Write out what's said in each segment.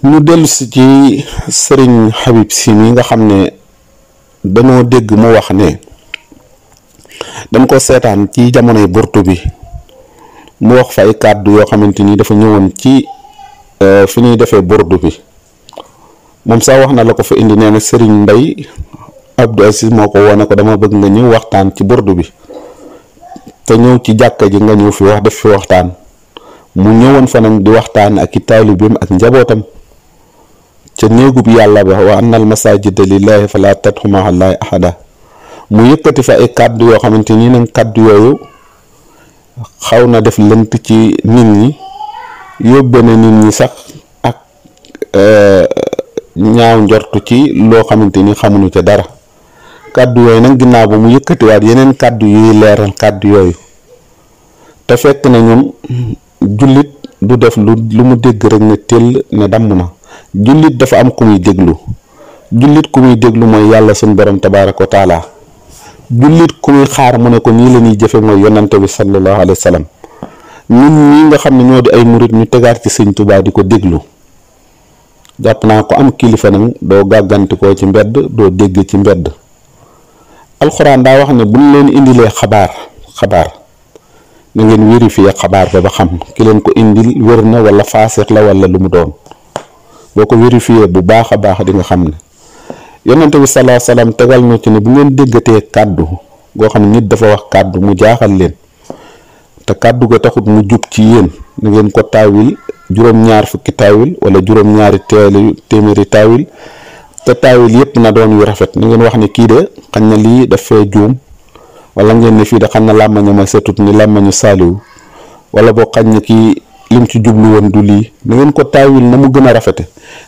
ñu dellusi ci sëriñ Habib Sy mi nga xam ne dañoo dégg mu wax ne dañ ko seetaan ci jamonoy burtu bi mu wax fa ay kàddu yoo xamante ni dafa ñëwoon ci euh, fi ñuy defee burdu bi moom sax wax na la ko fa indi nee na sëriñ Mbay Abdou Aziz moo ko woone ko dama bëgg nga ñëw waxtaan ci burdu bi te ñëw ci jàkka ji nga ñëw fi wax def fi waxtaan mu ñëwoon fanam di waxtaan ak i taalibeem ak njabootam ca néegub yàlla ba wa annal masajida lillahi fala tad'u ma'a llahi ahada mu yëkkati fa ay kàddu yoo xamante ni nag kàddu yooyu xaw na def lënt ci nit ñi yóbbe na nit ñi sax ak eh, ñaaw njortu ci loo xamante ni xamuñu ca dara kàddu yooyu nag ginnaaw ba mu yëkkatiwaat yeneen kàddu yuy leeral kàddu yooyu te fekk na ñoom jullit du def lu lu mu dégg rek ne tëll ne damm na jullit dafa am ku muy déglu jullit ku muy déglu mooy yàlla suñ borom tabaaraka wa taala jullit ku muy xaar mu ne ko nii la ñuy jëfe mooy yonante bi sallallahu alayhi wa sallam ñun nga xam ne ñoo di ay murit ñu tegaat ci sëñ Tuubaa di ko déglu jàpp naa ko am kilifa nag doo gàgganti ko ci mbedd doo dégg ci mbedd alxuraan daa wax ne buñ leen indilee xabaar xabaar na ngeen vérifier xabaar ba ba xam ki leen ko indil wér na wala faasix la lu mu doon boo ko vérifié bu baax a baax di nga xam ne yonent bi salaa salaam tegal na ci ne bu ngeen déggatee kàddu goo xam ne nit dafa wax kàddu mu jaaxal leen te kàddu ga taxut mu jub ci yéen na ngeen ko taawil juróom-ñaar fukki taawil wala juróom-ñaari teeli téeméeri taawil te taawil yépp na doon yu rafet na ngeen wax ne kii de xañ na lii daf fee juum wala ngeen ne fii de xam na làmmañam a setut ni làmmañu saaliwu wala boo xañ kii lim ci jublu woon du lii na ngeen ko taawil na mu gën a rafete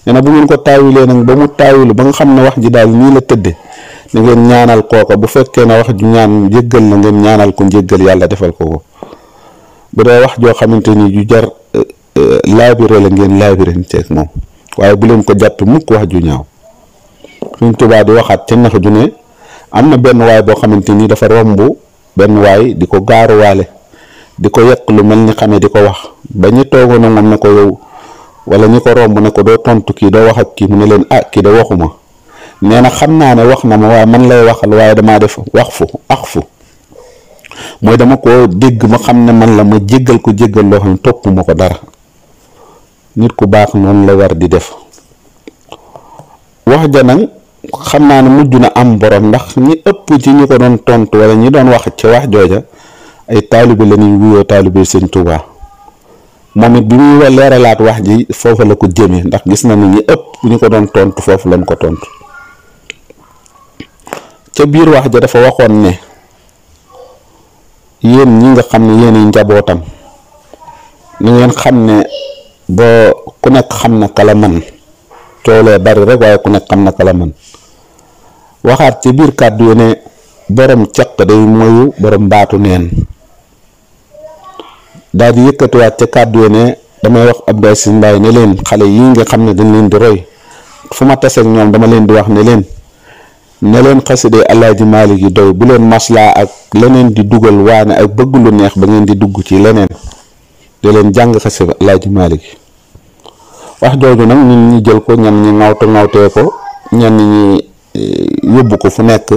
nee na bu ngeen ko taawilee nag ba mu taawilu ba nga xam ne wax ji daal nii la tëdde na ngeen ñaanal kooka bu fekkee ne wax ju ñaan jéggal na ngeen ñaanal ko njéggal yàlla defal ko ko bu wax joo xamante ni ju jar eh, eh, laabire la ngeen laabiranteeg moom waaye bu leen ko jàppe mukk wax ju ñaaw suñ tubaa waxaat ca nax ju ne am na benn waay boo xamante nii dafa romb benn waay di ko gaaruwaale di ko yekk lu mel ni xame di ko wax ba ñu toogoon na moom ne ko yow wala ñu ko romb ne ko doo tontu kii doo wax ak kii mu ne leen ah kii de waxuma nee na xam naa ne wax na ma waaye man lay waxal waaye damaa def wax fu ax mooy dama ko dégg ma xam ne man la ma jéggal ko jéggal loo xam ne topp ko dara nit ku baax noonu la war di def wax ja nag xam naa ne mujj na am borom ndax ñi ëpp ci ñi ko doon tontu wala ñi doon wax ci wax jooja ay taalibe la ñuy wuyoo taalibe Sëñ Tuubaa moom it bi muy leeralaat wax ji foofu la ko jëmee ndax gis na ni ñi ëpp ñu ko doon tontu foofu lañ ko tontu ca biir wax ja dafa waxoon ne yéen ñi nga xam ne yéenay njabootam ni ngeen xam ne ba ku nekk xam na kala man coolee bari rek waaye ku nekk xam na kala man waxaat ca biir kàddu yi ne borom caq day moyu borom baatu neen daal di yëkkatiwaat ca kàddu ne damay wax Abdou Aziz Mbaye ne leen xale yi nga xam ne dañ leen di roy fu ma taseeg ñoom dama leen di wax ne leen ne leen xaside Alaaji Maalik yi bu leen maslaa ak leneen di dugal waane ak bëgg lu neex ba di dugg ci leneen di leen jàng xaside Alaaji Maalik gi wax jooju nag ñun ñi jël ko ñenn ñi ŋawte ŋawtee ko ñenn ñi e, yóbbu ko fu nekk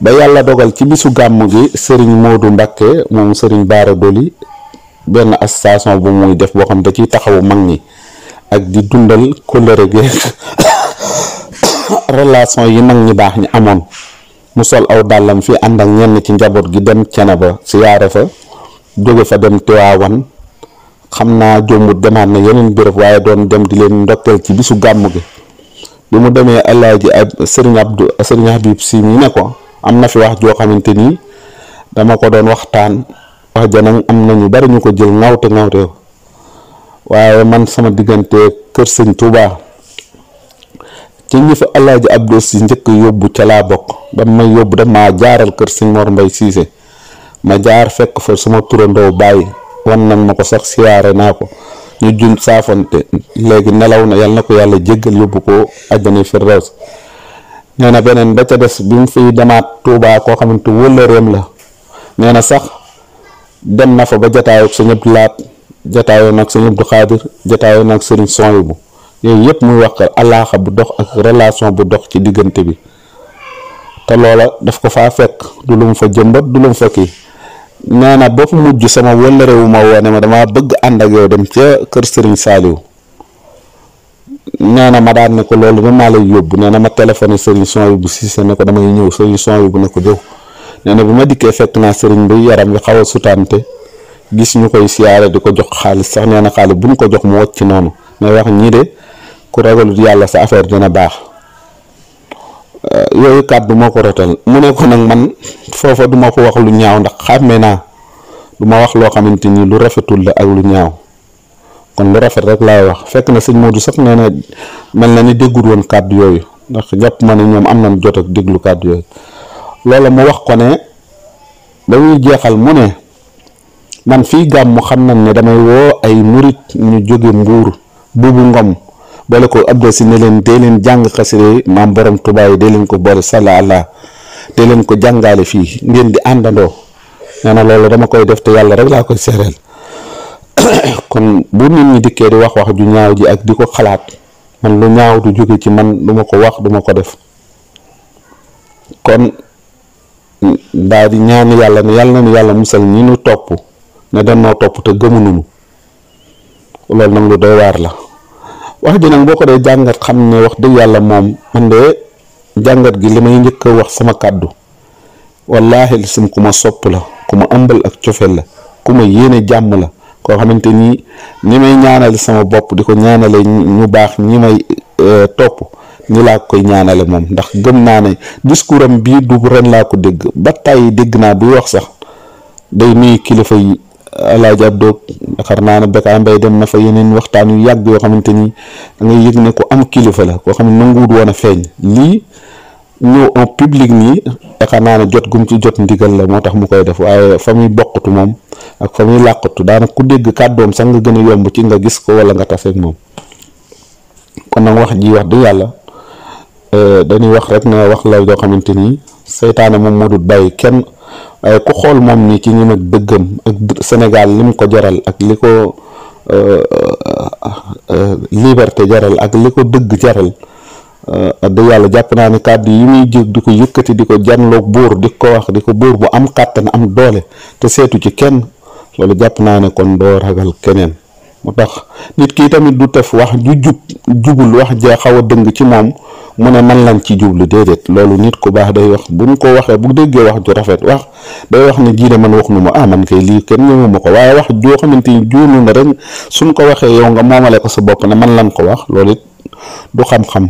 ba yàlla dogal ci bisu gàmm gi sëriñ Modou Mbakke moom sëriñ Baara Doli benn association bu muy def boo xam da ciy taxawu mag ñi ak di dundal kóllëre gi relation yi mag ñi baax ñi amoon mu sol aw dàllam fii ànd ak ñenn ci njaboot gi dem cene ba siyaare fa jóge fa dem Tiwaawan xam naa jombut demaat na yeneen béréb waaye doon dem di leen ndokkeel ci bisu gàmm gi bi mu demee alaaji ab sëriñ Abdou sëriñ Habib si mu ne ko am na fi wax joo xamante nii dama ko doon waxtaan wax ja nag am nañu bari ñu ko jël ŋawte ŋawte waaye man sama diggante kër sëñ Touba ci ñi fa Alaaji Abdou si njëkk yóbbu ca laa bokk ba may yóbbu da maa jaaral kër sëñ Mor Mbay Siise ma jaar fekk fa suma turandoo bàyyi wan nañ ma ko sax siyaare naa ko ñu jun saafonte léegi nelaw na yàlla na ko yàlla jéggal yóbbu ko àjjana firdaws nee na beneen ba ca des bi mu fiy demaat Touba koo xamante wëllëreem la nee sax dem na fa ba jataayu ak sëñ Abdou Lahat jataayu nag sëñ Abdou Khadir jataayu nag sëriñ Souhaïbou yooyu yëpp muy wax alaaxa bu dox ak relation bu dox ci diggante bi te loola daf ko faa fekk du lu mu fa jëmbat du lu mu fa kii nee na bopp mujj sama wëllëre wu ma woone ma dama bëgg ànd ak yow dem ca kër sëriñ Saaliw nee na ma daan ne ko loolu ba maa lay yóbbu nee na ma téléphoné sëriñ Souhaïbou Cissé ne ko damay ñëw sëriñ Souhaïbou ne ko jëw nee na bu ma dikkee fekk naa sëriñ bi yaram wi xaw a sutante gis ñu koy siyaare di ko jox xaalis sax nee na xaalis buñ ko jox mu wàcc ci noonu may wax ñii de ku ragalut yàlla sa affaire dina baax yooyu kàddu moo ko rotal mu ne ko nag man foofa duma ko wax lu ñaaw ndax xàmme naa du ma wax loo xamante ni lu rafetul la ak lu ñaaw kon lu rafet rek lay wax fekk na sëñ Modou sax nee na mel na ni déggul woon kàdd yooyu ndax jàpp ma ne ñoom am nañ jot ak déglu kàddu yooyu loola mu wax ko ne ba muy jeexal mu ne man fii gàmm xam nañ ne damay woo ay murit ñu jóge mbuur buubu ngom boole ko abdou si ne leen dee leen jàng xasida maam borom Tuubaa dee leen ko boole sala allah leen ko jàngaale fii ngeen di àndandoo nee na dama koy def te yàlla rek laa koy seereel kon bu nit ñi dikkee di wax wax ju ñaaw ji ak di ko xalaat man lu ñaaw du jóge ci man duma ko wax duma ko def kon daal di ñaan yàlla ne yàlla nañu yàlla musal ñi ñu topp ne danoo topp te gëmuñu loolu nag lu doy waar la wax ji nag boo ko dee jàngat xam ne wax dëgg yàlla moom man de jàngat gi li may njëkk wax sama kàddu wallaahi lisim ku ma sopp la ku ma ëmbal ak cofeel la ku ma yéene jàmm la koo xamante ni ni may ñaanal sama bopp di ko ñaanale ñu baax ñi may eh, topp ni laa koy ñaanale moom ndax gëm naa ne discours am bii du ren laa ko dégg ba tàyyi dégg naa du wax sax day nuyu kilifa yi Alaaji Abdou xar naa ne Beka Mbaye dem na fa yeneen waxtaan yu yàgg yoo xamante ni da ngay yëg ne ku am kilifa la koo xam ne nanguwut woon a feeñ lii ñëw en public nii xar naa ne jot gum ci jot ndigal la moo tax mu koy def waaye fa muy bokkatu moom ak fa muy làqatu daanaka ku dégg kàddoom sax nga gën a yomb ci nga gis ko wala nga taseeg dëgg yàlla. Euh, dañuy wax rek ne wax la joo xamante ni seytaane moom moo du bàyyi kenn waaye euh, ku xool moom ni ci ñim ak dëggam ak Sénégal lim ko jaral ak li ko euh, liberté jaral ak li dëgg jaral da yàlla jàpp naa ne kàddu yi muy jég di ko yëkkati di ko janloog buur di ko wax di ko buur bu am kàttan am doole te seetu ci kenn loolu jàpp naa ne kon doo ragal keneen mu tax nit kii tamit du tef wax ju jub jubul wax jee xaw a dëng ci moom mu ne man lañ ci jublu déedéet loolu nit ku baax day wax bu ñu ko waxee bu déggee wax ju rafet wax day wax ne de man wax nu ma ah man kay lii kenn ñëwu ma wax joo xamante ni juunu na rek suñ ko waxee yow nga moomale sa bopp ne man lañ ko wax loolu it xam-xam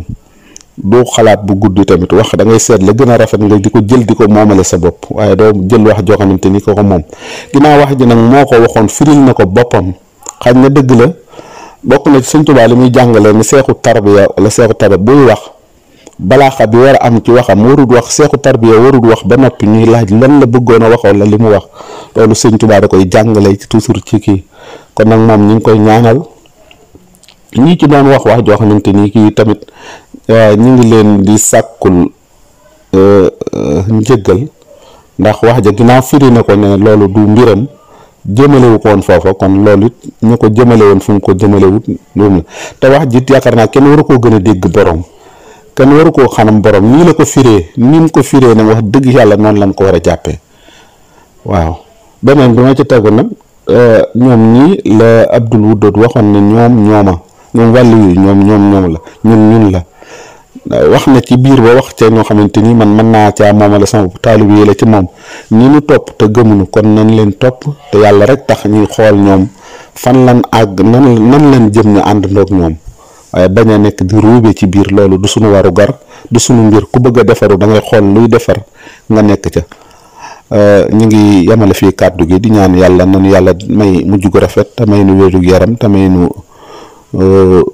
du xalaat bu gudd tamit wax da ngay seet la gën a rafet nga di ko di ko moomale sa bopp waaye doo jël wax joo xamante ni ko ko moom dinaa wax ji nag moo ko waxoon firil na ko boppam xaj na dëgg la bokk na ci Sëñ Tuubaa li muy jàngale ni seexu tarbiya wala seexu tarbiya buy wax balaaxa bi war a am ci waxam warul wax seexu tarbiya warul wax ba noppi ñuy laaj lan la bëggoon a waxoon la li mu wax loolu sëñ Tuubaa da koy jàngale toujours ci kii kon nag moom ñu ngi koy ñaanal ñii ci doon wax wax joo xamante ni kii tamit euh, ñu ngi leen di sàkkul euh, euh, njëggal ndax wax ja ginnaaw firi na ko ne loolu du mbiram jëmalewu ko woon foofa kon loolu ñu ko jëmale woon fu ko jëmale wut te wax ji yaakaar naa kenn war a koo gën a dégg borom. kenn waru koo xanam borom nii la ko firee ni mu ko firee nag wax dëgg yàlla noonu lañ ko war a jàppee waaw beneen bi ma ci tegu nag euh, ñoom ñii la Abdul Wudood waxoon ne ñoom ñooma ñoom wàllu yi ñoom la ñun ñun la euh, wax na ci biir ba wax ca ñoo xamante ni man mën naa caa moomale sama taalib yi la ci moom ñi nu topp te gëmuñu kon nañ leen topp te yàlla rek tax ñuy xool ñoom fan lan àgg nan nan leen jëm ñu àndandoog ñoom waaye bañ a nekk di ruube ci biir loolu du suñu waru gar du suñu mbir ku bëgg a defaru da ngay xool luy defar nga nekk ca euh, ñu ngi yemale fii kàddu gi di ñaan yàlla nanu yàlla may mujj gu rafet te may nu wéeru yaram te nu euh,